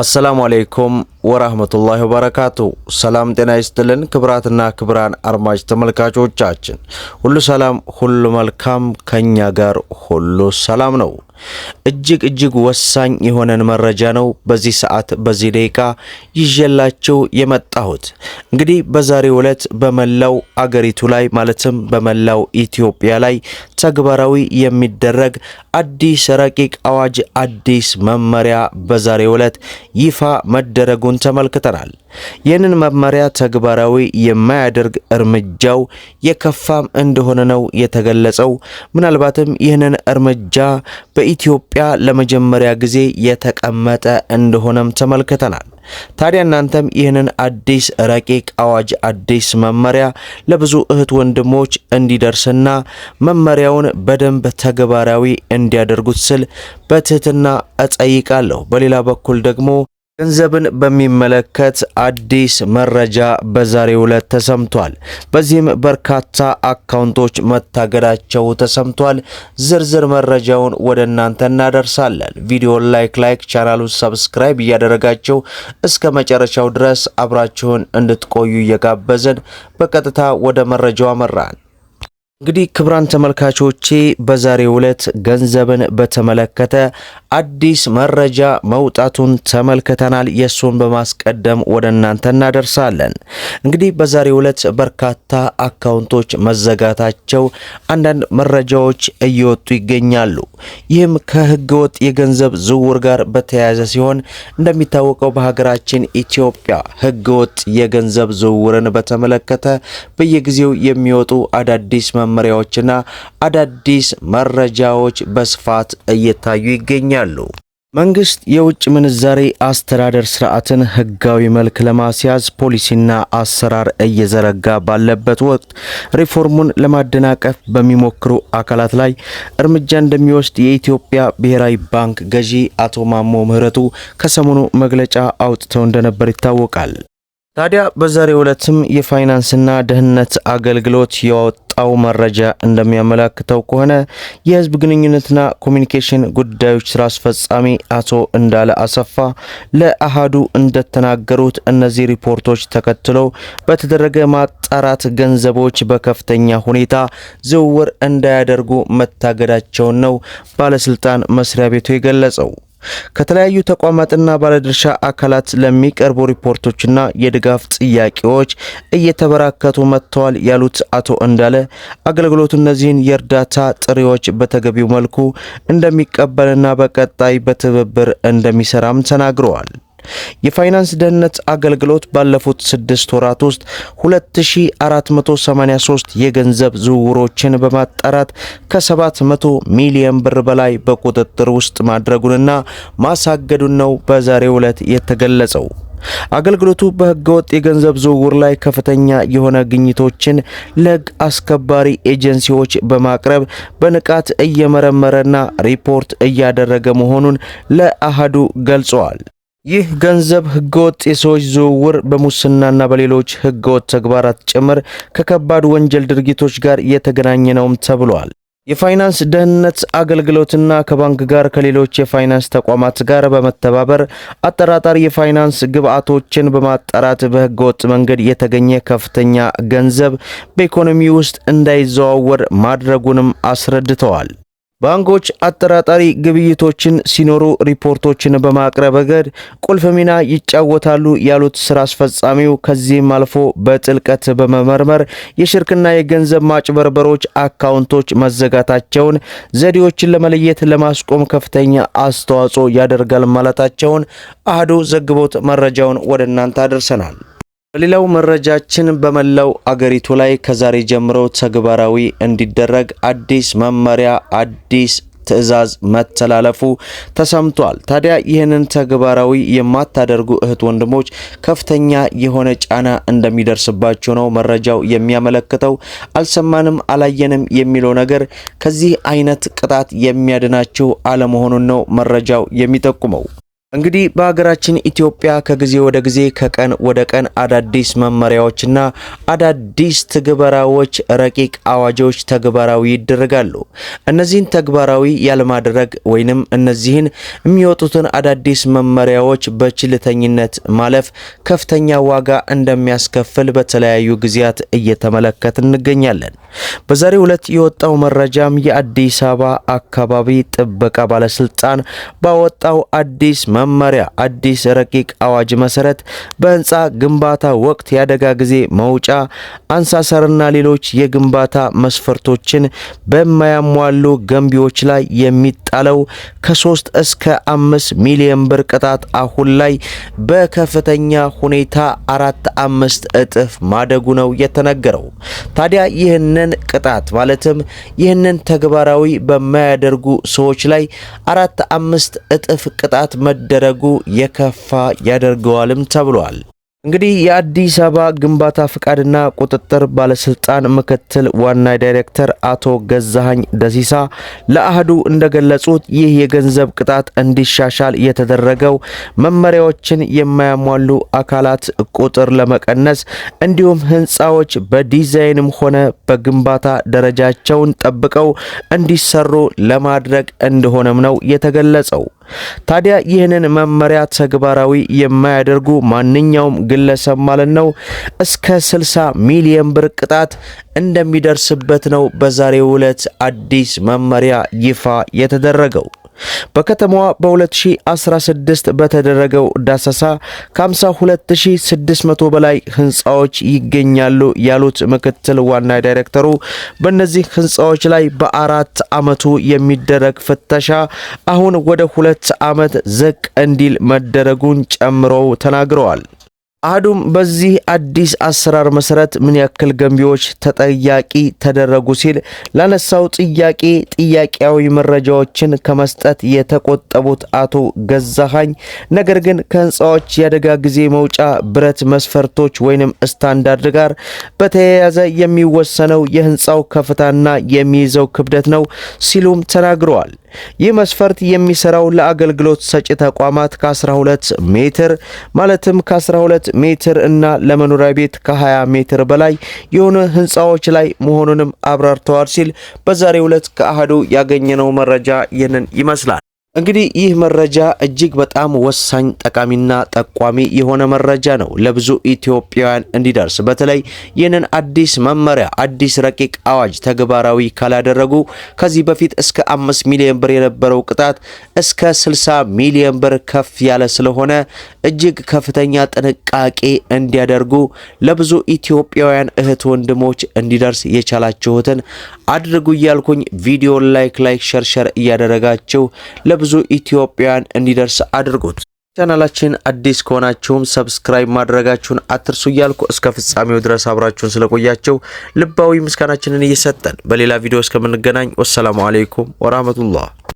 السلام عليكم ወራህመቱላሂ ወበረካቱ። ሰላም ጤና ይስጥልን ክብራትና ክብራን አድማጭ ተመልካቾቻችን ሁሉ ሰላም ሁሉ መልካም፣ ከኛ ጋር ሁሉ ሰላም ነው። እጅግ እጅግ ወሳኝ የሆነን መረጃ ነው በዚህ ሰዓት በዚህ ደቂቃ ይዤላችሁ የመጣሁት። እንግዲህ በዛሬው ዕለት በመላው አገሪቱ ላይ ማለትም በመላው ኢትዮጵያ ላይ ተግባራዊ የሚደረግ አዲስ ረቂቅ አዋጅ አዲስ መመሪያ በዛሬው ዕለት ይፋ መደረጉ መሆኑን ተመልክተናል። ይህንን መመሪያ ተግባራዊ የማያደርግ እርምጃው የከፋም እንደሆነ ነው የተገለጸው። ምናልባትም ይህንን እርምጃ በኢትዮጵያ ለመጀመሪያ ጊዜ የተቀመጠ እንደሆነም ተመልክተናል። ታዲያ እናንተም ይህንን አዲስ ረቂቅ አዋጅ አዲስ መመሪያ ለብዙ እህት ወንድሞች እንዲደርስና መመሪያውን በደንብ ተግባራዊ እንዲያደርጉት ስል በትህትና እጠይቃለሁ። በሌላ በኩል ደግሞ ገንዘብን በሚመለከት አዲስ መረጃ በዛሬው ዕለት ተሰምቷል። በዚህም በርካታ አካውንቶች መታገዳቸው ተሰምቷል። ዝርዝር መረጃውን ወደ እናንተ እናደርሳለን። ቪዲዮን ላይክ ላይክ ቻናሉን ሰብስክራይብ እያደረጋቸው እስከ መጨረሻው ድረስ አብራችሁን እንድትቆዩ እየጋበዝን በቀጥታ ወደ መረጃው አመራን። እንግዲህ ክብራን ተመልካቾቼ በዛሬው ዕለት ገንዘብን በተመለከተ አዲስ መረጃ መውጣቱን ተመልክተናል። የእሱን በማስቀደም ወደ እናንተ እናደርሳለን። እንግዲህ በዛሬው ዕለት በርካታ አካውንቶች መዘጋታቸው አንዳንድ መረጃዎች እየወጡ ይገኛሉ። ይህም ከህገወጥ የገንዘብ ዝውውር ጋር በተያያዘ ሲሆን እንደሚታወቀው በሀገራችን ኢትዮጵያ ህገወጥ የገንዘብ ዝውውርን በተመለከተ በየጊዜው የሚወጡ አዳዲስ መመሪያዎችና አዳዲስ መረጃዎች በስፋት እየታዩ ይገኛሉ። መንግስት የውጭ ምንዛሬ አስተዳደር ስርዓትን ህጋዊ መልክ ለማስያዝ ፖሊሲና አሰራር እየዘረጋ ባለበት ወቅት ሪፎርሙን ለማደናቀፍ በሚሞክሩ አካላት ላይ እርምጃ እንደሚወስድ የኢትዮጵያ ብሔራዊ ባንክ ገዢ አቶ ማሞ ምህረቱ ከሰሞኑ መግለጫ አውጥተው እንደነበር ይታወቃል። ታዲያ በዛሬው ዕለትም የፋይናንስና ደህንነት አገልግሎት የወጣው መረጃ እንደሚያመላክተው ከሆነ የህዝብ ግንኙነትና ኮሚኒኬሽን ጉዳዮች ስራ አስፈጻሚ አቶ እንዳለ አሰፋ ለአሃዱ እንደተናገሩት እነዚህ ሪፖርቶች ተከትሎ በተደረገ ማጣራት ገንዘቦች በከፍተኛ ሁኔታ ዝውውር እንዳያደርጉ መታገዳቸውን ነው ባለስልጣን መስሪያ ቤቱ የገለጸው። ከተለያዩ ተቋማትና ባለድርሻ አካላት ለሚቀርቡ ሪፖርቶችና የድጋፍ ጥያቄዎች እየተበራከቱ መጥተዋል ያሉት አቶ እንዳለ አገልግሎቱ እነዚህን የእርዳታ ጥሪዎች በተገቢው መልኩ እንደሚቀበልና በቀጣይ በትብብር እንደሚሰራም ተናግረዋል። የፋይናንስ ደህንነት አገልግሎት ባለፉት ስድስት ወራት ውስጥ 2483 የገንዘብ ዝውውሮችን በማጣራት ከ700 ሚሊዮን ብር በላይ በቁጥጥር ውስጥ ማድረጉንና ማሳገዱን ነው በዛሬው ዕለት የተገለጸው። አገልግሎቱ ወጥ የገንዘብ ዝውውር ላይ ከፍተኛ የሆነ ግኝቶችን ለህግ አስከባሪ ኤጀንሲዎች በማቅረብ በንቃት እየመረመረና ሪፖርት እያደረገ መሆኑን ለአሃዱ ገልጸዋል። ይህ ገንዘብ ህገወጥ የሰዎች ዝውውር በሙስናና በሌሎች ህገወጥ ተግባራት ጭምር ከከባድ ወንጀል ድርጊቶች ጋር የተገናኘ ነውም ተብሏል። የፋይናንስ ደህንነት አገልግሎትና ከባንክ ጋር ከሌሎች የፋይናንስ ተቋማት ጋር በመተባበር አጠራጣሪ የፋይናንስ ግብዓቶችን በማጣራት በህገወጥ መንገድ የተገኘ ከፍተኛ ገንዘብ በኢኮኖሚ ውስጥ እንዳይዘዋወር ማድረጉንም አስረድተዋል። ባንኮች አጠራጣሪ ግብይቶችን ሲኖሩ ሪፖርቶችን በማቅረብ ገድ ቁልፍ ሚና ይጫወታሉ ያሉት ስራ አስፈጻሚው ከዚህም አልፎ በጥልቀት በመመርመር የሽርክና የገንዘብ ማጭበርበሮች አካውንቶች መዘጋታቸውን ዘዴዎችን ለመለየት ለማስቆም ከፍተኛ አስተዋጽኦ ያደርጋል ማለታቸውን አህዱ ዘግቦት መረጃውን ወደ እናንተ አድርሰናል። በሌላው መረጃችን በመላው አገሪቱ ላይ ከዛሬ ጀምሮ ተግባራዊ እንዲደረግ አዲስ መመሪያ አዲስ ትዕዛዝ መተላለፉ ተሰምቷል። ታዲያ ይህንን ተግባራዊ የማታደርጉ እህት ወንድሞች ከፍተኛ የሆነ ጫና እንደሚደርስባቸው ነው መረጃው የሚያመለክተው። አልሰማንም አላየንም የሚለው ነገር ከዚህ አይነት ቅጣት የሚያድናቸው አለመሆኑን ነው መረጃው የሚጠቁመው። እንግዲህ በሀገራችን ኢትዮጵያ ከጊዜ ወደ ጊዜ ከቀን ወደ ቀን አዳዲስ መመሪያዎችና አዳዲስ ትግበራዎች፣ ረቂቅ አዋጆች ተግባራዊ ይደረጋሉ። እነዚህን ተግባራዊ ያለማድረግ ወይንም እነዚህን የሚወጡትን አዳዲስ መመሪያዎች በችልተኝነት ማለፍ ከፍተኛ ዋጋ እንደሚያስከፍል በተለያዩ ጊዜያት እየተመለከት እንገኛለን። በዛሬው ዕለት የወጣው መረጃም የአዲስ አበባ አካባቢ ጥበቃ ባለስልጣን ባወጣው አዲስ መመሪያ አዲስ ረቂቅ አዋጅ መሰረት በህንፃ ግንባታ ወቅት የአደጋ ጊዜ መውጫ አንሳሰርና ሌሎች የግንባታ መስፈርቶችን በማያሟሉ ገንቢዎች ላይ የሚጣለው ከሶስት እስከ አምስት ሚሊዮን ብር ቅጣት አሁን ላይ በከፍተኛ ሁኔታ አራት አምስት እጥፍ ማደጉ ነው የተነገረው። ታዲያ ይህን ይህንን ቅጣት ማለትም ይህንን ተግባራዊ በማያደርጉ ሰዎች ላይ አራት አምስት እጥፍ ቅጣት መደረጉ የከፋ ያደርገዋልም ተብሏል። እንግዲህ የአዲስ አበባ ግንባታ ፍቃድና ቁጥጥር ባለስልጣን ምክትል ዋና ዳይሬክተር አቶ ገዛሀኝ ደሲሳ ለአህዱ እንደገለጹት ይህ የገንዘብ ቅጣት እንዲሻሻል የተደረገው መመሪያዎችን የማያሟሉ አካላት ቁጥር ለመቀነስ እንዲሁም ህንፃዎች በዲዛይንም ሆነ በግንባታ ደረጃቸውን ጠብቀው እንዲሰሩ ለማድረግ እንደሆነም ነው የተገለጸው። ታዲያ ይህንን መመሪያ ተግባራዊ የማያደርጉ ማንኛውም ግለሰብ ማለት ነው እስከ 60 ሚሊዮን ብር ቅጣት እንደሚደርስበት ነው በዛሬው ዕለት አዲስ መመሪያ ይፋ የተደረገው። በከተማዋ በ2016 በተደረገው ዳሰሳ ከ52600 በላይ ህንፃዎች ይገኛሉ ያሉት ምክትል ዋና ዳይሬክተሩ በእነዚህ ህንፃዎች ላይ በአራት አመቱ የሚደረግ ፍተሻ አሁን ወደ ሁለት ዓመት ዝቅ እንዲል መደረጉን ጨምረው ተናግረዋል። አህዱም በዚህ አዲስ አሰራር መሰረት ምን ያክል ገንቢዎች ተጠያቂ ተደረጉ ሲል ላነሳው ጥያቄ ጥያቄያዊ መረጃዎችን ከመስጠት የተቆጠቡት አቶ ገዛሃኝ ነገር ግን ከህንፃዎች የአደጋ ጊዜ መውጫ ብረት መስፈርቶች ወይንም ስታንዳርድ ጋር በተያያዘ የሚወሰነው የህንፃው ከፍታና የሚይዘው ክብደት ነው ሲሉም ተናግረዋል። ይህ መስፈርት የሚሰራው ለአገልግሎት ሰጪ ተቋማት ከ12 ሜትር ማለትም ከ12 ሜትር እና ለመኖሪያ ቤት ከ20 ሜትር በላይ የሆኑ ህንፃዎች ላይ መሆኑንም አብራርተዋል ሲል በዛሬው ዕለት ከአህዱ ያገኘነው መረጃ ይህንን ይመስላል። እንግዲህ ይህ መረጃ እጅግ በጣም ወሳኝ ጠቃሚና ጠቋሚ የሆነ መረጃ ነው ለብዙ ኢትዮጵያውያን እንዲደርስ። በተለይ ይህንን አዲስ መመሪያ አዲስ ረቂቅ አዋጅ ተግባራዊ ካላደረጉ ከዚህ በፊት እስከ አምስት ሚሊዮን ብር የነበረው ቅጣት እስከ 60 ሚሊዮን ብር ከፍ ያለ ስለሆነ እጅግ ከፍተኛ ጥንቃቄ እንዲያደርጉ ለብዙ ኢትዮጵያውያን እህት ወንድሞች እንዲደርስ የቻላችሁትን አድርጉ እያልኩኝ ቪዲዮን ላይክ ላይክ ሸርሸር እያደረጋችሁ ለብዙ ኢትዮጵያውያን እንዲደርስ አድርጉት። ቻናላችን አዲስ ከሆናችሁም ሰብስክራይብ ማድረጋችሁን አትርሱ እያልኩ እስከ ፍጻሜው ድረስ አብራችሁን ስለቆያችሁ ልባዊ ምስጋናችንን እየሰጠን በሌላ ቪዲዮ እስከምንገናኝ ወሰላሙ አሌይኩም ወራህመቱላህ